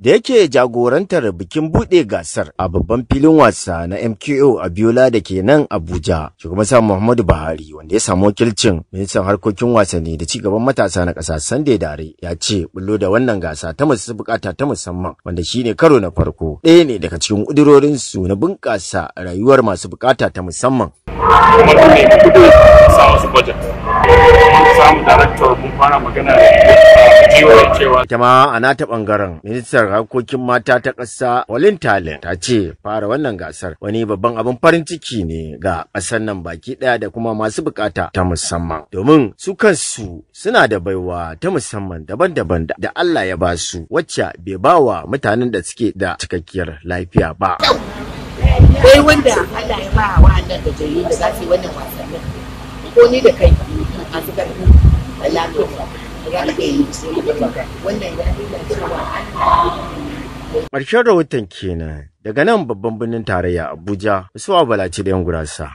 da yake jagorantar bikin buɗe gasar a babban filin wasa na MKO a Biola da ke nan Abuja. Shugaban sa Muhammadu Buhari wanda ya samu wakilcin ministan harkokin wasanni da ci gaban matasa na ƙasa Sunday Dare ya ce bullo da wannan gasa ta masu bukata ta musamman wanda shine karo na farko. Ɗaya ne daga cikin ƙudurorin su na bunƙasa rayuwar masu bukata ta musamman. Kuma ne samu ana magana Jama'a a nata bangaren ministar harkokin mata ta ƙasa Walin Talin ta ce fara wannan gasar wani babban abin farin ciki ne ga ƙasar nan baki ɗaya da kuma masu bukata ta musamman. Domin su kansu suna da baiwa ta musamman daban-daban da Allah ya ba su wacce bai ba wa mutanen da suke da cikakkiyar lafiya ba. wanda Allah ya ba wa da da wannan wasannin ko ni da kai Ƙarshen rahoton kenan daga nan babban birnin tarayya Abuja, Usman Bala da 'yan gurasa.